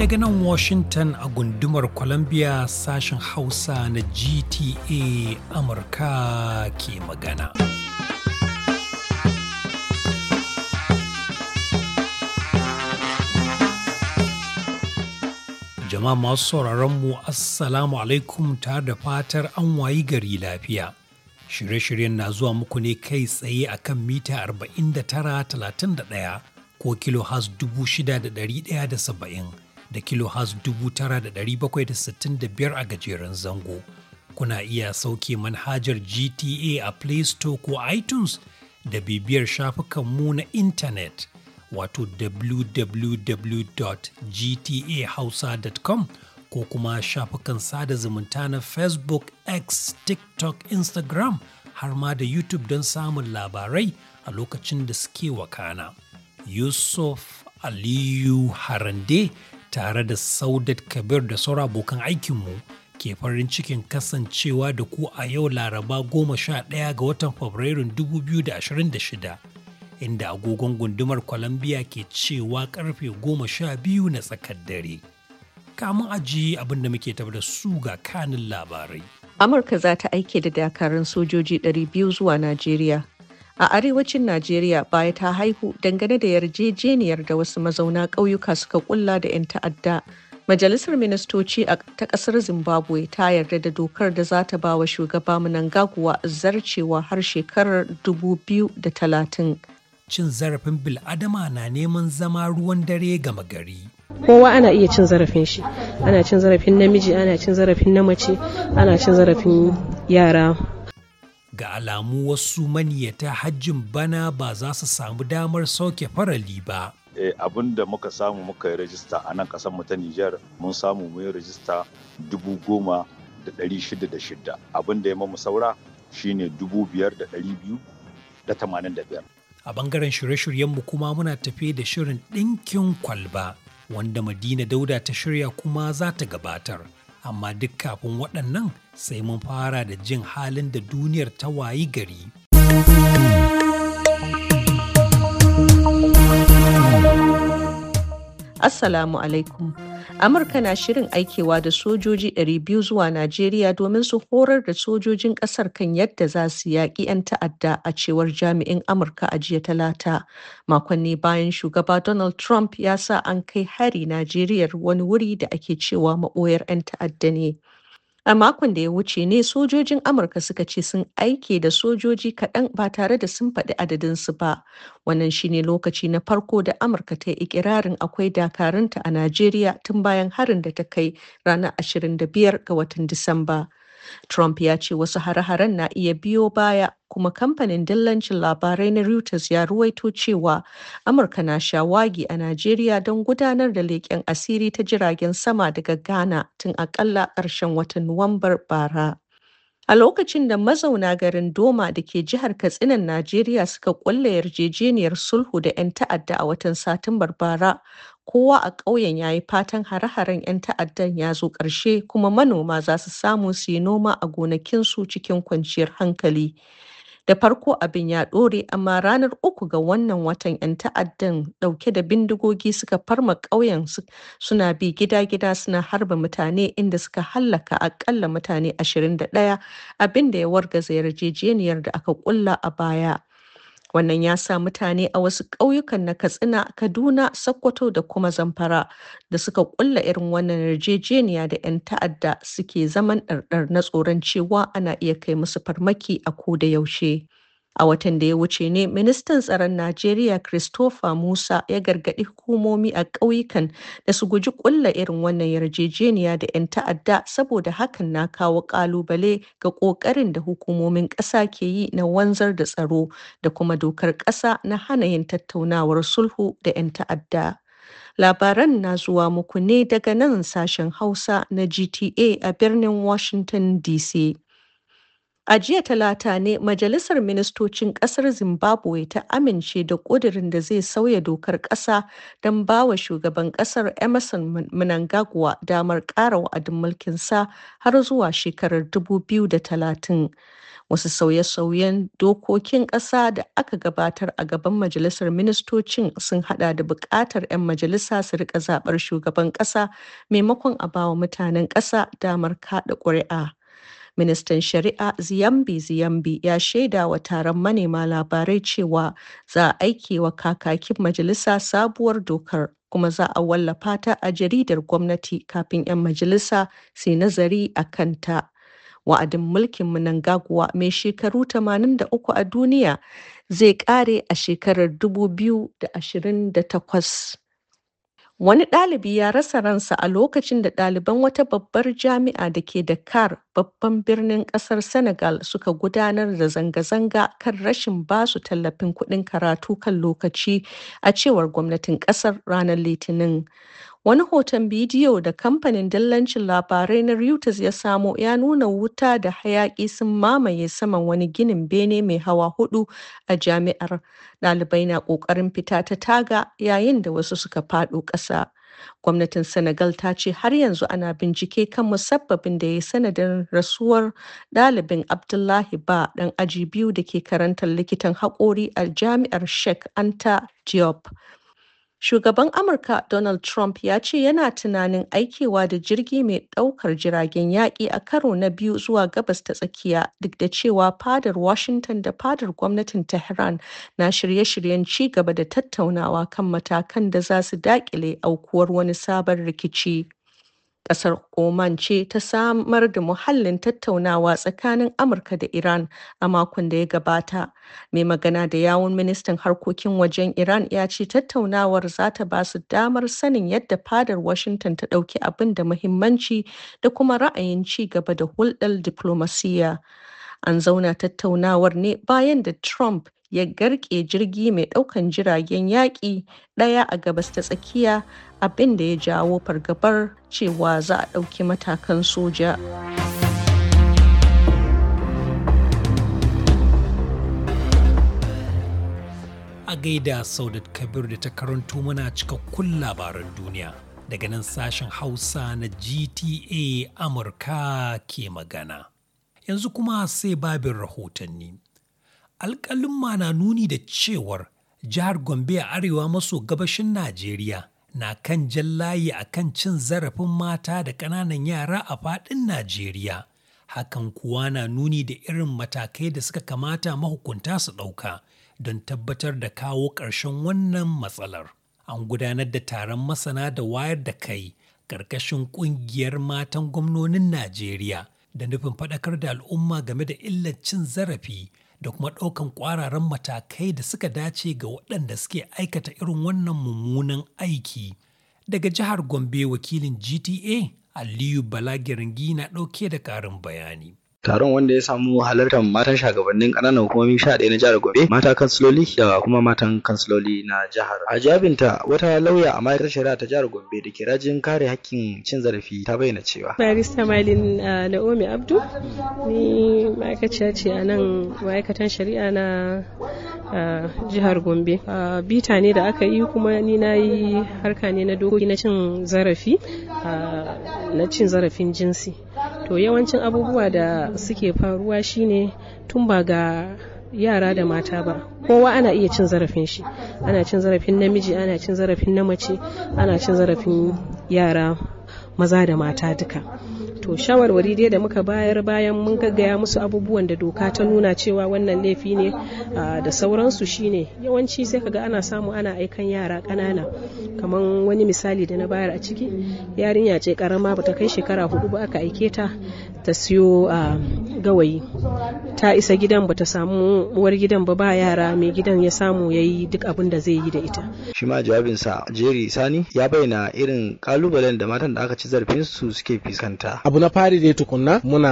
Daga nan Washington a gundumar Columbia sashen Hausa na GTA Amurka ke magana. Jama'a masu sauraron mu Assalamu alaikum tare da fatar an wayi gari lafiya. Shirye-shiryen na zuwa muku ne kai tsaye a kan mita 49.31 ko kilohas 6,170 da kilohas 9,765 a gajeren zango. Kuna iya sauke manhajar GTA a Play Store ko iTunes da bibiyar shafukanmu na intanet wato www.gtahausa.com ko kuma shafukan sada zumunta na Facebook, X, TikTok, Instagram har ma da YouTube don samun labarai a lokacin da suke wakana. Yusuf Aliyu Harande tare da Saudat Kabir da sauran abokan aikinmu ke farin cikin kasancewa da ku a yau Laraba goma sha ɗaya ga watan Fabrairun 2026. inda agogon gundumar Columbia ke cewa karfe goma sha biyu na tsakar dare. kamun aji abinda muke tafi da su ga kanin labarai. Amurka za ta aike da dakarun sojoji 200 zuwa Najeriya. A arewacin Najeriya baya ta haihu dangane da yarjejeniyar da wasu mazauna ƙauyuka suka kulla da 'yan ta'adda. Majalisar Ministoci ta ƙasar Zimbabwe ta yarda da dokar da za ta ba wa shugaba Mnangagwa zarcewa har shekarar 2030. cin zarafin bil'adama na neman zama ruwan dare gama gari. kowa ana iya cin zarafin shi ana cin zarafin namiji ana cin zarafin na mace ana cin zarafin yara ga alamu wasu maniyata hajjin bana ba za su samu damar sauke farali ba eh, abin da muka samu muka yi rajista a nan kasar mu ta Nijar mun samu muyi yi rajista dubu goma da ɗari shida da shida abin da ya mamu saura shine dubu biyar da ɗari biyu da tamanin da biyar A bangaren shirye-shiryenmu kuma muna tafe da shirin ɗinkin kwalba wanda Madina Dauda ta shirya kuma za ta gabatar. Amma duk kafin waɗannan sai mun fara da jin halin da duniyar ta wayi gari. Assalamu alaikum. Amurka na shirin aikewa da sojoji 200 zuwa Najeriya domin su horar da sojojin ƙasar kan yadda za su yaƙi 'yan ta'adda a cewar jami'in Amurka a jiya talata. Makonni bayan shugaba Donald Trump ya sa an kai hari Najeriya wani wuri da ake cewa maɓoyar 'yan ta'adda ne. A makon da ya wuce ne sojojin Amurka suka ce sun aike da sojoji kaɗan ba tare da sun faɗi adadinsu ba. Wannan shine lokaci na farko da Amurka ta yi ikirarin akwai dakarunta a Najeriya tun bayan harin da ta kai ranar 25 ga watan Disamba. Trump ya ce wasu hare-haren na iya biyo baya kuma kamfanin dillancin labarai na Reuters ya ruwaito cewa Amurka na shawagi a Najeriya don gudanar da leƙen asiri ta jiragen sama daga Ghana tun akalla ƙarshen watan Nuwambar bara. A lokacin da mazauna garin Doma da ke jihar Katsinan Najeriya suka ƙulla yarjejeniyar sulhu da 'yan ta'adda a watan Satumbar bara, kowa a ƙauyen ya yi fatan hare-haren 'yan ta'addan ya zo ƙarshe kuma manoma za su samu su yi noma a gonakinsu cikin kwanciyar hankali. Da farko abin ya ɗore amma ranar uku ga wannan watan 'yan ta'addan ɗauke da bindigogi suka farma ƙauyen suna bi gida-gida suna harba mutane inda suka hallaka akalla mutane 21 abin da ya wargaza yarjejeniyar da aka ƙulla a baya. Wannan ya sa mutane a wasu ƙauyukan na Katsina, Kaduna, Sokoto da kuma Zamfara da suka kulla irin wannan yarjejeniya da 'yan ta'adda suke zaman ɗarɗar na tsoron cewa ana iya kai musu farmaki a ko da yaushe. A watan da ya wuce ne, Ministan Tsaron Najeriya Christopher Musa ya gargaɗi hukumomi a ƙauyukan da su guji ƙulla irin wannan yarjejeniya da 'yan ta'adda saboda hakan na kawo ƙalubale ga ƙoƙarin da hukumomin ƙasa ke yi na wanzar da tsaro da kuma dokar ƙasa na hana yin tattaunawar sulhu da 'yan ta'adda. Labaran na zuwa muku ne daga nan sashen Hausa na GTA a birnin Washington DC. A jiya Talata ne Majalisar Ministocin Ƙasar Zimbabwe ta amince da ƙudurin da zai sauya dokar ƙasa don ba wa shugaban ƙasar Emerson Mnangagwa damar ƙara wa'adin mulkinsa har zuwa shekarar 2030. Wasu sauye-sauyen dokokin ƙasa da aka gabatar a gaban Majalisar Ministocin sun hada da buƙatar 'yan majalisa su rika zaɓar shugaban ƙasa maimakon a bawa mutanen ƙasa damar kaɗa ƙuri'a. Ministan Shari'a Ziyambi Ziyambi ya shaida wa taron manema labarai cewa za a aiki wa kakakin majalisa sabuwar dokar kuma za a wallafa ta a jaridar gwamnati kafin 'yan majalisa su nazari a kanta. wa'adin mulkin Mnangagwa mai shekaru 83 a duniya zai kare a shekarar 2028. Wani ɗalibi ya rasa ransa a lokacin da ɗaliban wata babbar jami'a da ke da kar babban birnin ƙasar Senegal, suka gudanar da zanga-zanga kan rashin basu tallafin kuɗin karatu kan lokaci, a cewar gwamnatin ƙasar ranar Litinin. Wani hoton bidiyo da kamfanin dillancin labarai na Reuters ya samo ya nuna wuta da hayaƙi sun mamaye saman wani ginin bene mai hawa hudu a jami'ar. Ɗalibai na ƙoƙarin fita ta taga yayin da wasu suka faɗo ƙasa. Gwamnatin Senegal ta ce har yanzu ana bincike kan musabbabin da ya yi sanadin rasuwar ɗalibin Abdullahi Ba ɗan aji biyu da ke karantar likitan haƙori a jami'ar Sheikh Anta Diop. Shugaban Amurka Donald Trump ya ce yana tunanin aikewa da jirgi mai ɗaukar jiragen yaƙi a karo na biyu zuwa gabas ta tsakiya duk da cewa fadar Washington da fadar gwamnatin Tehran na shirye-shiryen ci gaba da tattaunawa kan matakan da za su daƙile aukuwar wani sabon rikici. Ƙasar Oman ce ta samar da muhallin tattaunawa tsakanin Amurka da Iran a makon da ya gabata. Mai magana da yawun ministan harkokin wajen Iran ya ce tattaunawar za ta ba su damar sanin yadda fadar Washington ta ɗauki abin da muhimmanci da kuma ra'ayin ci gaba da hulɗar diflomasiyya. An zauna tattaunawar ne bayan da Trump ya garke jirgi mai daukan jiragen yaƙi ɗaya a gabas ta tsakiya abinda ya jawo fargabar cewa za a ɗauki matakan soja. A gaida Saudat Kabir da ta karanto mana cikakkun labaran duniya. Daga nan sashen Hausa na GTA Amurka ke magana. Yanzu kuma sai babin rahotanni. Alƙaluma na nuni da cewar jihar Gombe a arewa maso gabashin Najeriya na kan jallaye a kan cin zarafin mata da ƙananan yara a faɗin Najeriya. Hakan kuwa na nuni da irin matakai da suka kamata mahukunta su ɗauka don tabbatar da kawo ƙarshen wannan matsalar. An gudanar da taron masana da wayar da kai ƙarƙashin ƙungiyar matan gwamnonin Najeriya da nufin faɗakar da al'umma game da illar cin zarafi da kuma ɗaukan ƙwararan matakai da suka dace ga waɗanda suke aikata irin wannan mummunan aiki. Daga jihar Gombe wakilin GTA Aliyu Balagirangi na ɗauke da ƙarin bayani. Taron wanda ya samu halartar matan shagabannin ƙananan hukumomi sha ɗaya na jihar Gombe, mata kansiloli da kuma matan kansiloli na jihar. A jabinta wata lauya a ma'aikatar shari'a ta jihar Gombe da ke rajin kare hakkin cin zarafi ta bayyana cewa. Barista Malin uh, Naomi Abdu ni ma'aikaciya ce a nan ma'aikatan shari'a na uh, jihar Gombe. Uh, bita ne da aka yi kuma ni na yi harka ne na dokoki na cin zarafi na cin zarafin jinsi. to yawancin abubuwa da suke faruwa shine tun ba ga yara da mata ba kowa ana iya cin zarafin shi ana cin zarafin namiji ana cin zarafin na mace ana cin zarafin yara maza da mata duka to shawarwari dai da muka bayar bayan mun gaggaya musu abubuwan da doka ta nuna cewa wannan laifi ne da sauransu shine yawanci sai kaga ana samu ana aikan yara kanana kamar wani misali da na bayar a ciki yarinya ce karama ba ta kai shekara hudu ba aka aike ta ta siyo gawayi ta isa gidan ba ta samu uwar gidan ba ba yara mai gidan ya samu ya yi duk abin da zai yi da ita shi ma jawabinsa jerry sani ya bayyana irin kalubalen da matan da aka ci zarfin su suke fuskanta abu na fari dai tukunna muna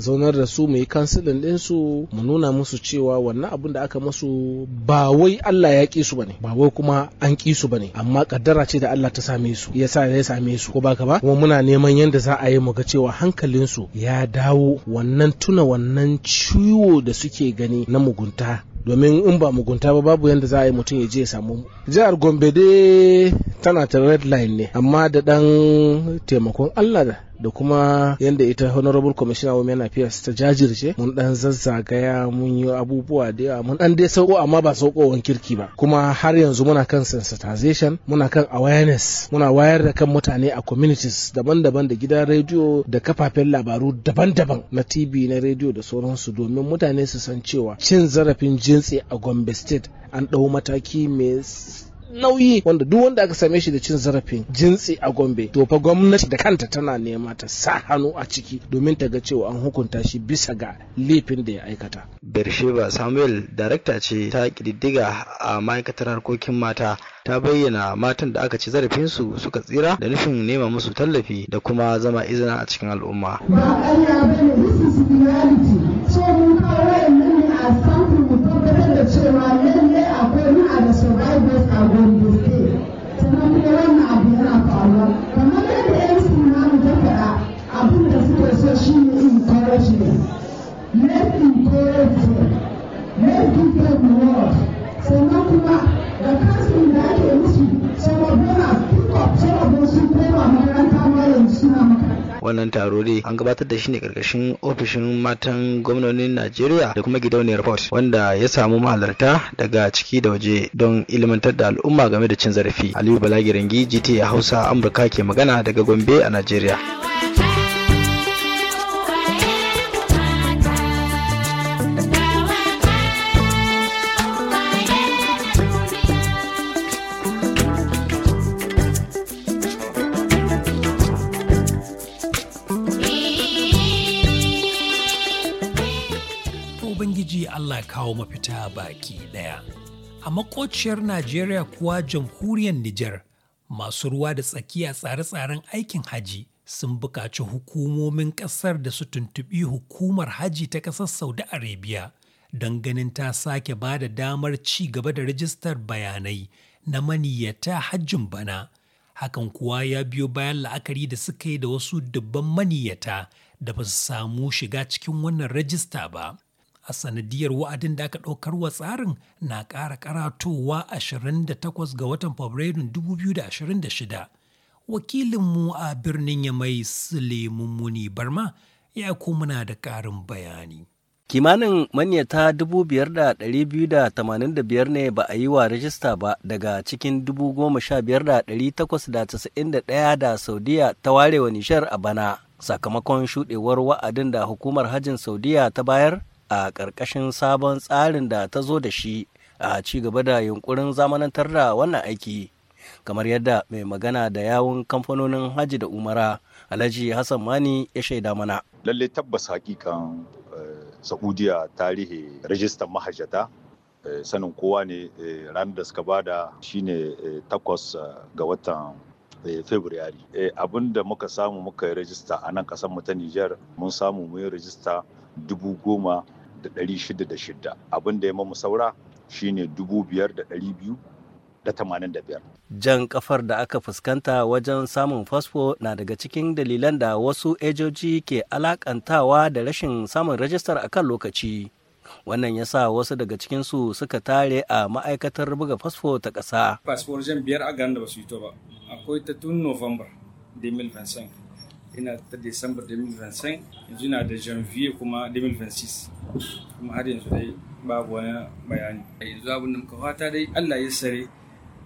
zaunar da su mu yi kansilin su mu nuna musu cewa wannan abun da aka musu ba wai Allah ya ƙi su bane ba wai kuma an ƙi su bane amma kaddara ce da Allah ta same su ya sa ya same su ko baka ba kuma muna neman yanda za a yi mu ga cewa hankalin su ya dawo wannan tuna wannan ciwo da suke gani na mugunta domin in ba mugunta ba babu yadda za a yi mutum ya je ya samu jihar gombe dai tana ta red line ne amma da dan taimakon allah da. da kuma yadda ita honorable commissioner women affairs ta jajirce mun dan zazzagaya mun yi abubuwa da yawa mun dan dai sauko amma ba saukowan kirki ba kuma har yanzu muna kan sensitization muna kan awareness muna wayar da kan mutane a communities daban-daban da gidan rediyo da kafafen labaru daban-daban na tv na rediyo da sauransu domin mutane su san cewa cin zarafin jinsi a gombe state an ɗau mataki mai nauyi wanda duk wanda aka same shi da cin zarafin jinsi a Gombe to fa gwamnati da kanta tana nema ta sa hannu a ciki domin ta ga cewa an hukunta shi bisa ga laifin da ya aikata. Bersheba Samuel darakta ce ta kididdiga a ma'aikatar harkokin mata ta bayyana matan da aka ci zarafin su suka tsira da nufin nema musu tallafi da kuma zama izina a cikin al'umma. Ba wannan taro dai an gabatar da shi ne karkashin ofishin matan gwamnonin najeriya da kuma gidauniyar port wanda ya samu mahalarta daga ciki da waje don ilimantar da al'umma game da cin zarafi aliyu balagirangi gta hausa amurka ke magana daga gombe a najeriya mafita baki ɗaya. A makociyar Najeriya kuwa jamhuriyar Nijar masu ruwa da tsakiya tsare-tsaren aikin haji sun buƙaci hukumomin ƙasar da su tuntuɓi hukumar haji ta ƙasar Saudi Arabia don ganin ta sake ba da damar ci gaba da rijistar bayanai na maniyyata hajjin bana. Hakan kuwa ya biyo bayan la'akari da suka yi da wasu dubban maniyyata da ba su samu shiga cikin wannan rajista ba. a sanadiyar wa'adin da aka ɗaukar wa tsarin na ƙara karatowa 28 ga watan fabrairun 2026 wakilinmu a birnin yamai suleiman muni barma ya muna da ƙarin bayani kimanin manyata 5,285 ne ba a yi wa rajista ba daga cikin 15,891 da saudiya ta warewa nishar a bana sakamakon shuɗewar wa'adin da hukumar hajjin saudiya ta bayar a ƙarƙashin sabon tsarin da ta zo da shi a ci gaba da yunkurin zamanantar da wannan aiki kamar yadda mai magana da yawun kamfanonin Haji da umara alhaji hassan mani ya shaida mana lalle tabbas hakikan eh, saudiya tarihi rajistan mahajjata eh, sanin kowa ne eh, ranar da suka bada shine takwas ga watan february abin da muka samu muka yi rajista a nan kasar mu ta Nijar, mun samu mu yi rajista dubu goma da abin da ya mamu saura shine dubu da Jan kafar da aka fuskanta wajen samun fasfo na daga cikin dalilan da wasu ejoji ke alakantawa da rashin samun rajistar a kan lokaci. Wannan ya sa wasu daga cikinsu suka tare a ma'aikatar buga fasfo ta ƙasa. Fasfo wajen biyar a ganda da ba su yi to ba, akwai ta tun November 2025. ina ta December 2025 yanzu ina da Janvier kuma 2026 kuma har yanzu dai babu wani bayani yanzu abin da muka fata dai Allah ya sare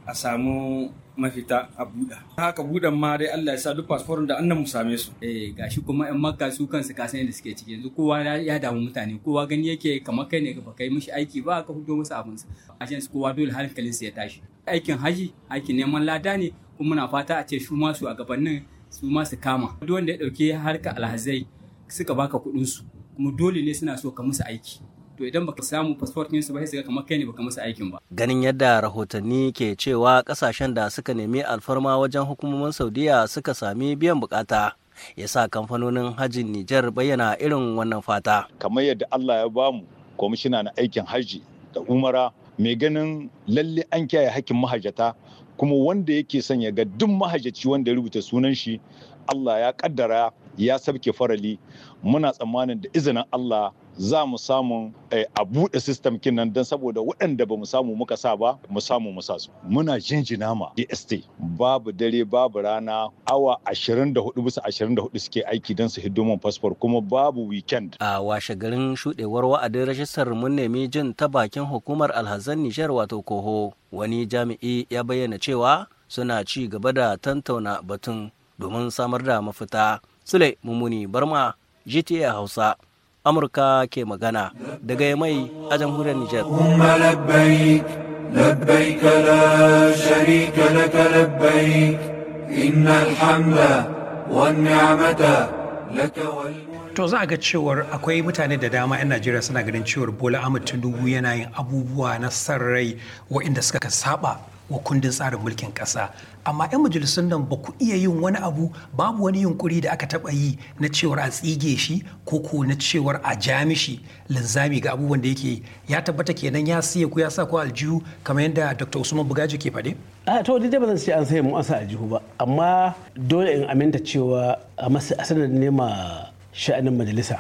a samu mafita a buɗa haka buɗan ma dai Allah ya sa duk fasforin da annan mu same su eh gashi kuma yan makka su kansu san yadda suke ciki yanzu kowa ya damu mutane kowa gani yake kamar kai ne ba kai mishi aiki ba ka fito masa abin sa a su kowa dole hankalin su ya tashi aikin haji aikin neman lada ne kuma muna fata a ce su ma su a gabanin su ma su kama duk wanda ya dauke harka alhazai suka baka kuɗin su kuma dole ne suna so ka musu aiki to idan baka samu passport su ba sai kamar kai ne baka musu aikin ba. Ganin yadda rahotanni ke cewa kasashen da suka nemi alfarma wajen hukumomin Saudiya suka sami biyan bukata. ya sa kamfanonin hajjin Nijar bayyana irin wannan fata. Kamar yadda Allah ya bamu kwamishina na aikin hajji da umara mai ganin lalle an kiyaye hakkin mahajjata kuma wanda yake sanya ga duk mahajjaci wanda ya rubuta sunan shi Allah ya kaddara ya sabke farali muna tsammanin da izinin Allah za mu samu eh, a buɗe kin nan don saboda waɗanda ba mu samu muka sa ba mu samu mu su muna jinjina ma DST babu dare babu rana awa 24 bisa 24 suke aiki don su hidimin fasfor kuma babu weekend a washe garin shuɗewar wa'adin rajistar mun nemi jin ta bakin hukumar alhazan Nijar wato koho wani jami'i ya bayyana cewa suna ci gaba da tantauna batun domin samar da mafita Sule Mumuni Barma GTA Hausa Amurka ke magana daga mai a jamhuriyar Nijar. To za a ga cewar akwai mutane da dama 'yan Najeriya suna ganin cewar Bola Ahmed Tinubu yana yin abubuwa na sarrai waɗanda suka saba wa kundin tsarin mulkin ƙasa amma 'yan majalisun nan ba ku iya yin wani abu babu wani yunkuri da aka taɓa yi na cewar a tsige shi ko ko na cewar a jamishi linzami ga abubuwan da yake ya tabbata kenan ya siya ku ya sa ku aljihu kamar yadda dr usman bugaji ke faɗi a to ni da ba zan ce an sai mu an sa aljihu ba amma dole in aminta cewa a masu asanar nema sha'anin majalisa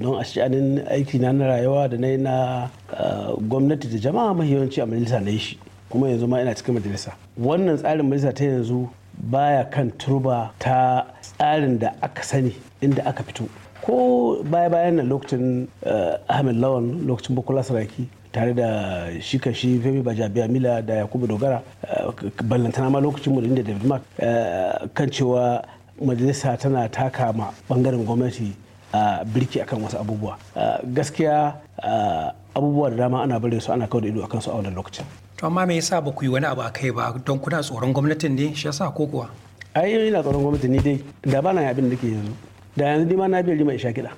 don a sha'anin aiki na na rayuwa da na yi na ah, gwamnati da jama'a mahiyawanci a majalisa na yi shi kuma yanzu ma ina cikin majalisa wannan tsarin majalisa ta yanzu baya kan turba ta tsarin da aka sani inda aka fito ko baya bayan nan lokacin eh, ahmed lawan lokacin bukola saraki tare da shi shi femi bajabiya mila da yakubu dogara eh, ballantana ma lokacin mu da david mark eh, kan cewa majalisa tana taka ma bangaren gwamnati a birki akan wasu abubuwa gaskiya abubuwa da dama ana bare su ana kawo da ido akan su a wannan lokacin to amma me yasa ba ku yi wani abu a kai ba don kuna tsoron gwamnatin ne shi yasa ko kuwa ai na tsoron gwamnati ni dai da ba na yi abin da ke yanzu da yanzu dai ma na biyar mai sha kiɗa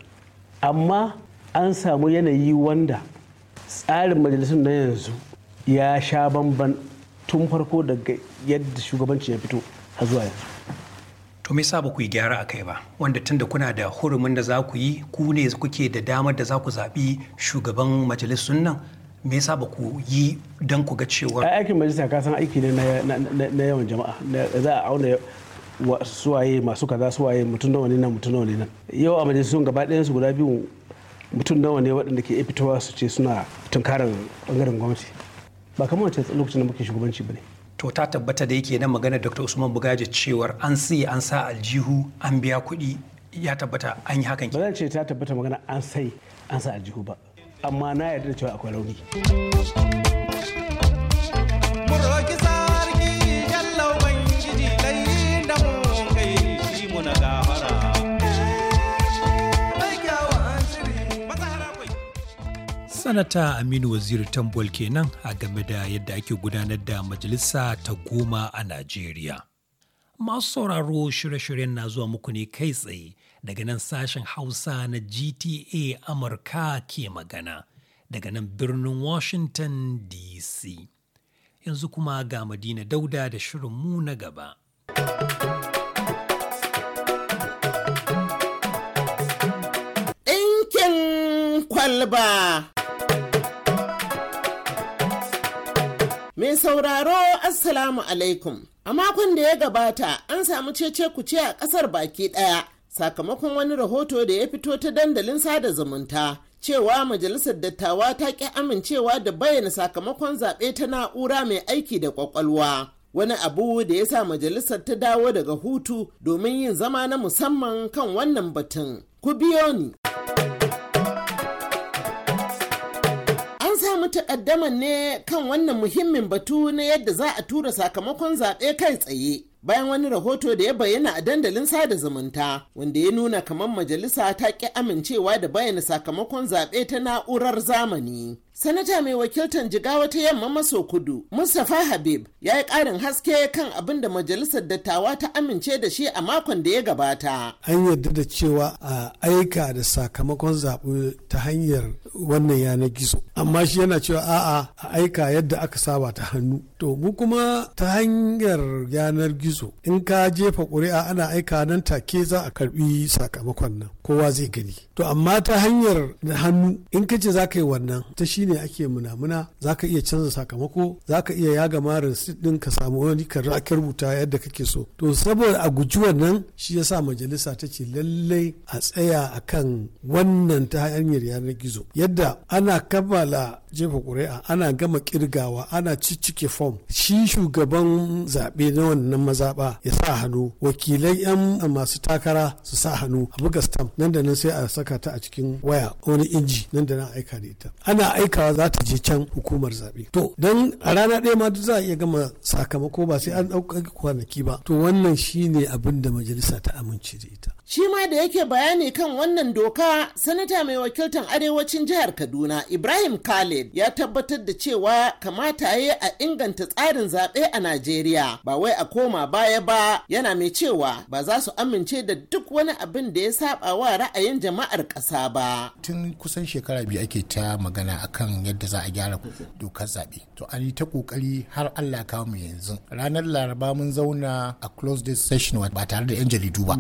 amma an samu yanayi wanda tsarin majalisun na yanzu ya sha bamban tun farko daga yadda shugabanci ya fito a zuwa yanzu to me yasa ba ku yi gyara a kai ba wanda tunda kuna da hurumin da za ku yi ku ne kuke da damar da za ku zaɓi shugaban majalisun nan me yasa ba ku yi don ku ga cewa aikin majalisa ka san aiki ne na yawan jama'a za a auna suwaye masu kaza suwaye mutum nawa ne nan mutum nawa ne nan yau a majalisun gaba ɗayan su guda biyu mutum nawa ne waɗanda ke fitowa su ce suna tunkarar bangaren gwamnati ba kamar wace lokacin da muke shugabanci ba ne to ta tabbata da yake na magana dr usman bugaji cewar an siye an sa aljihu an biya kuɗi ya tabbata an yi hakan ba zan ce ta tabbata magana an sai an sa aljihu ba amma na yarda cewa akwai rauni sanata aminu waziri tambol kenan a game da yadda ake gudanar da majalisa ta goma a najeriya Masu sauraro shirye-shiryen na zuwa muku ne kai tsaye daga nan sashen Hausa na GTA Amurka ke magana daga nan birnin Washington DC. Yanzu kuma ga Madina Dauda da shirin mu na gaba. Ɗinkin kwalba sauraro Assalamu alaikum. A makon da ya gabata an samu cece kuce a ƙasar baki ɗaya sakamakon wani rahoto da ya fito ta dandalin sada zumunta cewa majalisar dattawa ta ƙi amincewa da bayyana sakamakon zaɓe ta na'ura mai aiki da ƙwaƙwalwa. Wani abu da ya sa majalisar ta dawo daga hutu domin yin zama na musamman kan wannan batun. Ku biyo ni. samu takaddaman ne kan wannan muhimmin batu na yadda za a tura sakamakon zaɓe kai tsaye bayan wani rahoto da ya bayyana a dandalin sada zumunta wanda ya nuna kamar majalisa ta ƙi amincewa da bayyana sakamakon zaɓe ta na'urar zamani Sanata mai wakiltar jigawa ta yamma maso kudu, Mustapha Habib, ya yi karin haske kan abin da majalisar dattawa ta amince da shi a makon da ya gabata. An yarda da cewa a aika da sakamakon zaɓe ta hanyar wannan yanar gizo. Amma shi yana cewa a'a a aika yadda aka saba ta hannu. To mu kuma ta hanyar yanar gizo in ka jefa ƙuri'a ana aika nan take za a karɓi sakamakon nan kowa zai gani. To amma ta hanyar hannu in ka ce za ka yi wannan ta shi ne ake munamuna za ka iya canza sakamako za ka iya yaga marin ɗin ka samu wani ka rubuta yadda kake so to saboda a guji wannan shi ya sa majalisa ta ce lallai a tsaya a kan wannan ta hanyar yanar gizo yadda ana kammala jefa ƙuri'a ana gama kirgawa ana ciccike fom shi shugaban zaɓe na wannan mazaɓa ya sa hannu wakilai 'yan masu takara su sa hannu a buga stamp nan da nan sai a saka ta a cikin waya wani inji nan da nan aika da ita ana aika aikawa za ta je can hukumar zaɓe to don a rana ɗaya ma za a iya gama sakamako ba sai an ɗauka kwanaki ba to wannan shine abin da majalisa ta amince da ita shi ma da yake bayani kan wannan doka sanata mai wakiltar arewacin jihar kaduna ibrahim khalid ya tabbatar da cewa kamata ya a inganta tsarin zaɓe a najeriya ba wai a koma baya ba yana mai cewa ba za su amince da duk wani abin da ya saba wa ra'ayin jama'ar kasa ba tun kusan shekara biyu ake ta magana akan kan yadda za a gyara dokar zaɓe to an yi ta kokari har allah kawo mu yanzu ranar laraba mun zauna a close this session ba tare da yan jaridu ba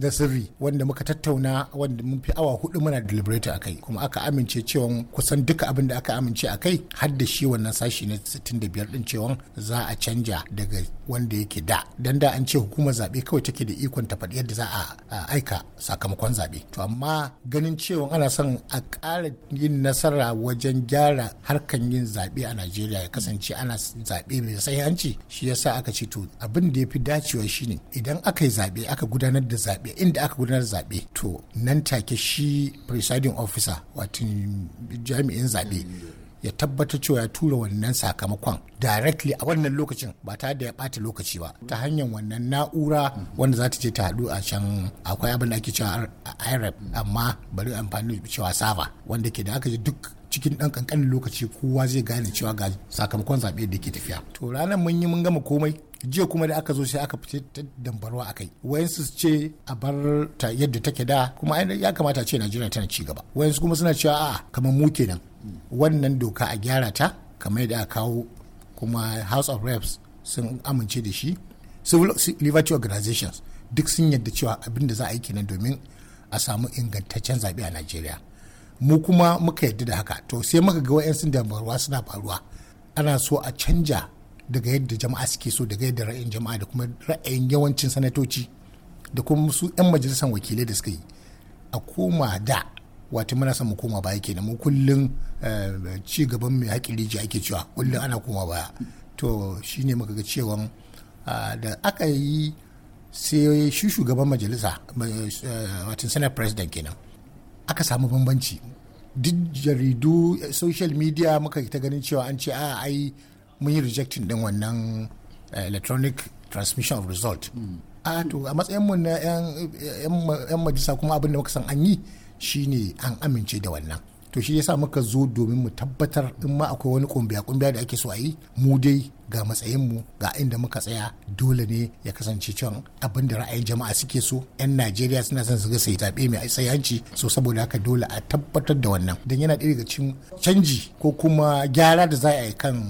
da sirri wanda muka tattauna wanda mun fi awa hudu muna deliberator kai. kuma aka amince cewa kusan duka abin da aka amince a kai har da shi wannan sashi na 65 din cewa za a canja daga wanda yake da dan da an ce hukumar zaɓe kawai take da ikon ta faɗi yadda za a aika sakamakon zaɓe to amma ganin cewa ana son a ƙara yin nasara wajen gyara harkan yin zaɓe a najeriya ya kasance ana zaɓe mai sahihanci shi yasa aka ce to abin da ya fi dacewa shine idan aka yi zaɓe aka gudanar da zaɓe inda aka gudanar da zaɓe to nan take shi presiding officer wato jami'in zaɓe ya tabbatar cewa ya tura wannan sakamakon directly a wannan lokacin ba ta da ya bata lokaci ba ta hanyar wannan na'ura wanda za ta je ta haɗu a can akwai abin da ake cewa irep amma bari amfani da cewa sava wanda ke da aka ji duk cikin ɗan ƙanƙanin lokaci kowa zai gane cewa ga sakamakon zaɓe da ke tafiya to ranar mun yi mun gama komai jiya kuma da aka zo sai aka fice ta dambarwa a kai wayansu su ce a bar ta yadda take da kuma ya kamata ce najeriya tana ci gaba wayansu kuma suna cewa a kamar mu kenan wannan doka a gyara ta kamar da kawo kuma house of reps sun amince da shi civil liberty organizations duk sun yadda cewa abin da za a yi kenan domin a samu ingantaccen zaɓe a nigeria mu kuma muka yadda da haka to sai muka ga wa'yansu damarwa suna faruwa ana so a canja daga yadda jama'a suke so daga yadda ra'ayin jama'a da kuma ra'ayin yawancin sanatoci da kuma su 'yan majalisar wakilai da suka yi a koma da wato muna son mu koma baya kenan mu kullum eh, ci gaban mai haƙin rijiya ake cewa kullum ana koma baya to shine muka ga cewa ah, da aka yi sai shi shugaban majalisa eh, wato senate president kenan aka samu bambanci duk jaridu social media muka ta ganin cewa an ce a ah, ai mun yi rejecting din wannan eh, electronic transmission of result hmm. a ah, to a matsayin mu na yan majalisa kuma abin da muka san an yi shi ne an amince da wannan to shi yasa muka zo domin mu tabbatar in ma akwai wani kumbiya kumbiya da ake so a yi mu dai ga matsayinmu ga inda muka tsaya dole ne ya kasance can abin da ra'ayin jama'a suke so 'yan najeriya suna son su ga sai zaɓe mai tsayanci so saboda haka dole a tabbatar da wannan don yana ɗaya ga cikin canji ko kuma gyara da za a yi kan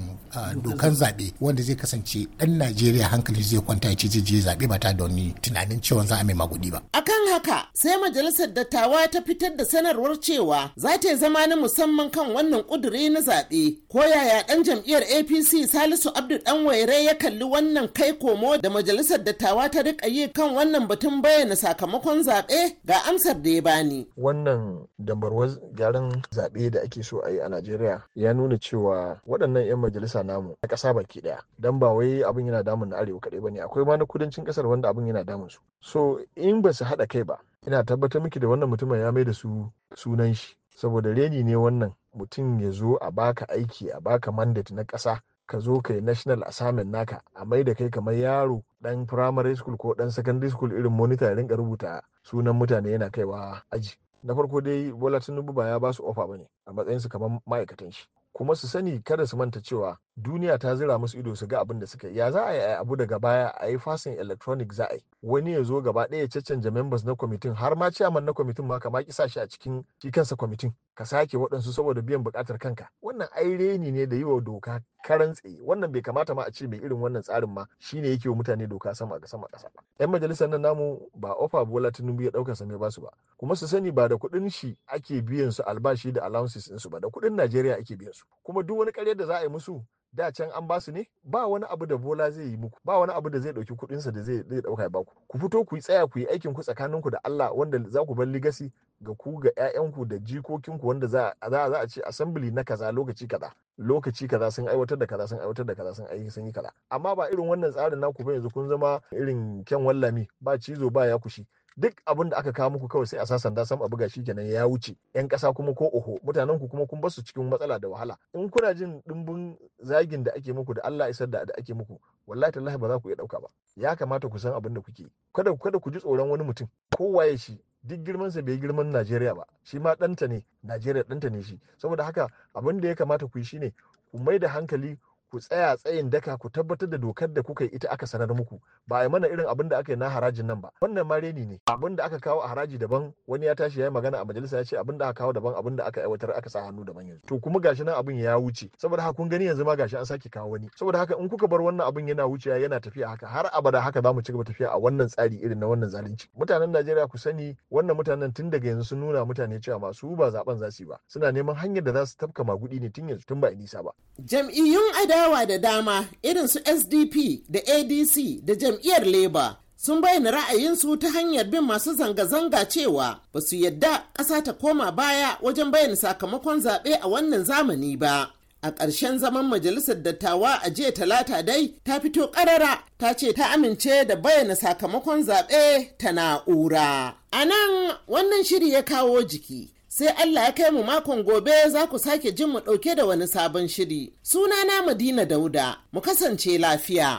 dokan zaɓe wanda zai kasance ɗan najeriya hankali zai kwanta ci zai je zaɓe ba ta da wani tunanin cewa za a mai magudi ba akan haka sai majalisar dattawa ta fitar da sanarwar cewa za ta zama na musamman kan wannan ƙuduri na zaɓe ko yaya ɗan jam'iyyar apc salisu abdu abdu dan waire ya kalli wannan kai komo da majalisar dattawa ta rika yi kan wannan batun bayyana sakamakon zaɓe ga amsar da ya bani wannan dambarwa gyaran zaɓe da ake so a yi a najeriya ya nuna cewa waɗannan 'yan majalisa namu na ƙasa baki ɗaya dan ba wai abin yana damun na arewa kaɗai ba ne akwai ma na kudancin ƙasar wanda abin yana damun su so in ba su haɗa kai ba ina tabbatar miki da wannan mutumin ya mai da su sunan shi saboda reni ne wannan mutum ya zo a baka aiki a baka mandate na ƙasa ka zo ka yi national assignment naka a mai da kai kamar yaro dan primary school ko dan secondary school irin monitor rinka rubuta sunan mutane yana kaiwa aji na farko dai bola tinubu ba ya ba su ofa bane a matsayin su kamar ma'aikatan shi kuma su sani kada su manta cewa duniya ta zira musu ido su ga abin da suka yi. ya za a yi abu daga baya a yi fasin electronic za a yi wani ya zo gaba ɗaya caccanja members na kwamitin har ma ciyaman na kwamitin ma kama ki sa shi a cikin shi kansa kwamitin ka sake waɗansu saboda biyan buƙatar kanka wannan ai reni ne da yi wa doka karan tsaye wannan bai kamata ma a ce mai irin wannan tsarin ma shine yake wa mutane doka sama ga sama ƙasa yan majalisar nan namu ba ofa bola tinubu ya ɗaukar same ba su ba kuma su sani ba da kuɗin shi ake biyan su albashi da allowances ɗinsu ba da kuɗin najeriya ake biyan su kuma duk wani ƙarya da za a yi musu da can an basu ne ba wani abu da bola zai yi muku ba wani abu da zai dauki kudin sa da zai zai dauka ya baku ku fito ku tsaya ku yi aikin ku tsakanin ku da Allah wanda za ku bar legacy ga ku ga ƴaƴan ku da jikokin ku wanda za za a ce assembly na kaza lokaci kaza lokaci kaza sun aiwatar da kaza sun aiwatar da kaza sun aiki sun yi kaza amma ba irin wannan tsarin naku ba yanzu kun zama irin kyan wallami ba cizo ba ya kushi duk abin da aka kawo muku kawai sai a sa sanda sam a buga shi kenan ya wuce yan kasa kuma ko oho mutanen ku kuma kun basu cikin matsala da wahala in kuna jin dimbin zagin da ake muku da Allah isar da ake muku wallahi tallahi ba za ku iya dauka ba ya kamata ku san abin da kuke kada kada ku ji tsoron wani mutum kowaye shi duk girman sa bai girman Najeriya ba shi ma ɗanta ne Najeriya ɗanta ne shi saboda haka abin da ya kamata ku yi shine ku mai da hankali ku tsaya tsayin daka ku tabbatar da dokar da kuka yi ita aka sanar muku ba a yi mana irin abin da aka yi na harajin nan ba wannan ma reni ne abin da aka kawo a haraji daban wani ya tashi ya yi magana a majalisa ya ce abin da aka kawo daban abin da aka aiwatar aka sa hannu daban yanzu to kuma gashi nan abin ya wuce saboda haka kun gani yanzu ma gashi an sake kawo wani saboda haka in kuka bar wannan abin yana wucewa yana tafiya haka har abada haka za mu ci gaba tafiya a wannan tsari irin na wannan zalunci mutanen Najeriya ku sani wannan mutanen tun daga yanzu sun nuna mutane cewa masu ba zaben za yi ba suna neman hanyar da za su tafka magudi ne tun yanzu tun ba nisa ba jam'iyyun ada Yawa da dama irin su sdp da adc da jam'iyyar labour sun bayyana ra'ayinsu ta hanyar bin masu zanga-zanga cewa ba su yadda ƙasa ta koma baya wajen bayyana sakamakon zaɓe a wannan zamani ba a ƙarshen zaman majalisar dattawa a jiya talata dai ta fito ƙarara ta ce ta amince da bayyana sakamakon zaɓe ta na'ura a nan wannan shiri ya kawo jiki sai Allah ya kai mu makon gobe za ku sake jin mu ɗauke da wani sabon shiri. Sunana Madina Dauda, mu kasance lafiya.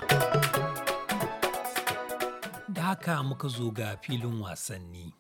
Da haka muka zo ga filin wasanni.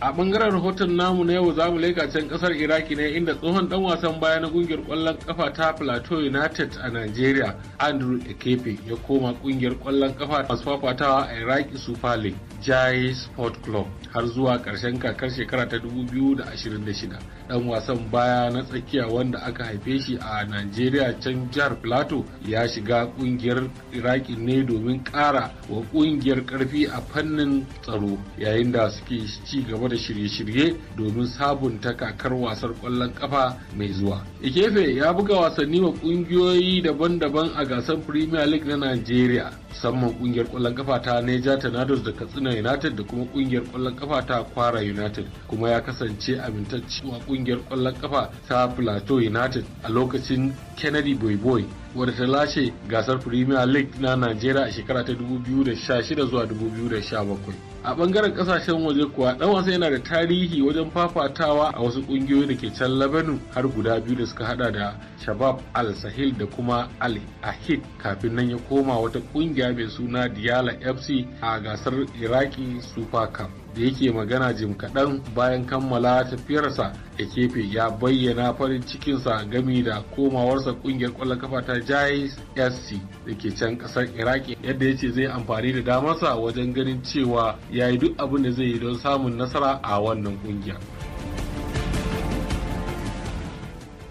a bangaren rahoton namu na yau zamu leka can kasar iraki ne inda tsohon dan wasan baya na kungiyar kwallon kafa ta plateau united a nigeria andrew ekepe ya koma kungiyar kwallon kafa masu fafatawa a iraki super league jai sport club har zuwa karshen kakar shekara ta 2026 dan wasan baya na tsakiya wanda aka haife shi a nigeria can jihar plateau ya shiga kungiyar iraki ne domin kara wa kungiyar karfi a fannin tsaro yayin da suke ci gaba da shirye-shirye domin sabunta kakar wasar kwallon kafa mai zuwa. Ikefe ya buga wasanni wa ƙungiyoyi daban-daban a gasar Premier League na Najeriya, musamman kungiyar kwallon kafa ta Niger Tornadoes da Katsina United da kuma kungiyar kwallon kafa ta Kwara United, kuma ya kasance amintacci wa kungiyar kwallon kafa ta Plateau United a lokacin Kennedy Boyboy. wadda ta lashe gasar premier league na najeriya a shekara ta 2016 zuwa 2017 a bangaren kasashen waje kuwa dan wasan yana da tarihi wajen fafatawa a wasu kungiyoyi da ke can labanu har guda biyu da suka hada da shabab al sahil da kuma al ahid kafin nan ya koma wata kungiya mai suna diyala fc a gasar iraki super cup da yake magana jim kaɗan bayan kammala tafiyarsa da kefe ya bayyana farin cikinsa gami da komawarsa ƙungiyar ƙwallon kafa ta jais sc da ke can ƙasar iraki yadda ya ce zai amfani da damarsa wajen ganin cewa ya yi duk abin da zai yi don samun nasara a wannan ƙungiyar.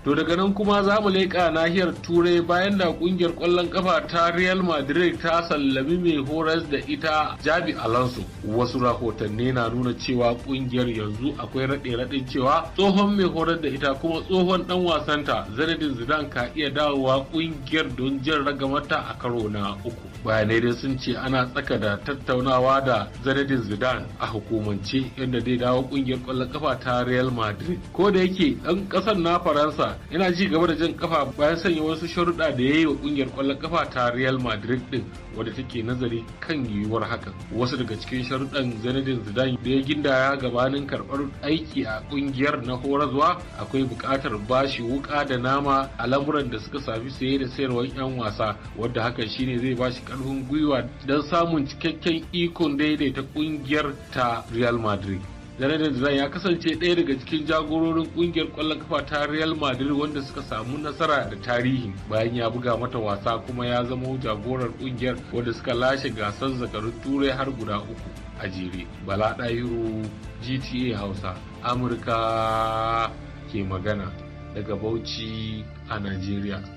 To daga nan kuma za mu leƙa nahiyar Turai bayan da kungiyar kwallon kafa ta Real Madrid ta sallami mai horas da ita Jabi Alonso. Wasu rahotanni na nuna cewa kungiyar yanzu akwai raɗe-raɗin cewa tsohon mai horas da ita kuma tsohon ɗan wasanta zanadin Zidane ka iya dawowa kungiyar don jin ragamata a karo na uku. bayanai dai sun ce ana tsaka da tattaunawa da zanadin zidane a hukumance yadda zai dawo kungiyar kwallon kafa ta real madrid ko da yake dan kasar na faransa yana ji gaba da jan kafa bayan sanya wasu sharuɗa da ya yi wa kungiyar kwallon kafa ta real madrid din wadda take nazari kan yiwuwar hakan wasu daga cikin sharuɗan zanadin zidane da ya gindaya gabanin karɓar aiki a kungiyar na horazwa akwai buƙatar bashi wuka da nama a lamuran da suka safi saye da sayarwar 'yan wasa wadda hakan shine zai bashi karfin gwiwa don samun cikakken ikon daidaita ƙungiyar ta Real Madrid. da Zidane ya kasance ɗaya daga cikin jagororin ƙungiyar ƙwallon kafa ta Real Madrid wanda suka samu nasara da tarihi bayan ya buga mata wasa kuma ya zama jagorar ƙungiyar wanda suka lashe gasar zakarun turai har guda uku a jere. Bala Ɗahiru GTA Hausa Amurka ke magana daga Bauchi a Najeriya.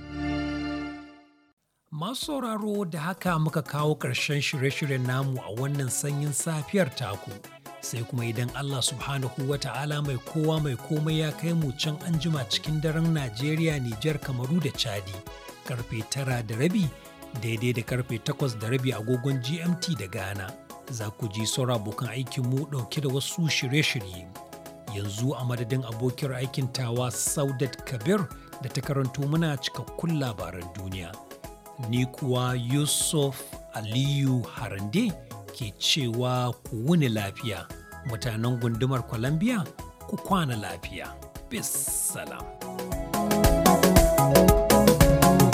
Masu sauraro da haka muka kawo ƙarshen shirye-shiryen namu a wannan sanyin safiyar taku. Sai kuma idan Allah subhanahu wa ta'ala mai kowa mai komai ya kai mu can anjima cikin daren Najeriya, Nijar, Kamaru da Chadi, karfe tara da rabi daidai da karfe takwas da rabi agogon GMT da Ghana. Za ku ji saura abokan aikin mu ɗauke da wasu shirye-shirye. Yanzu a madadin abokiyar aikin tawa Saudat Kabir da ta karanto muna cikakkun labaran duniya. ni kuwa Yusuf Aliyu Harande ke cewa ku wuni lafiya, mutanen gundumar Columbia ku kwana lafiya. Bis salam.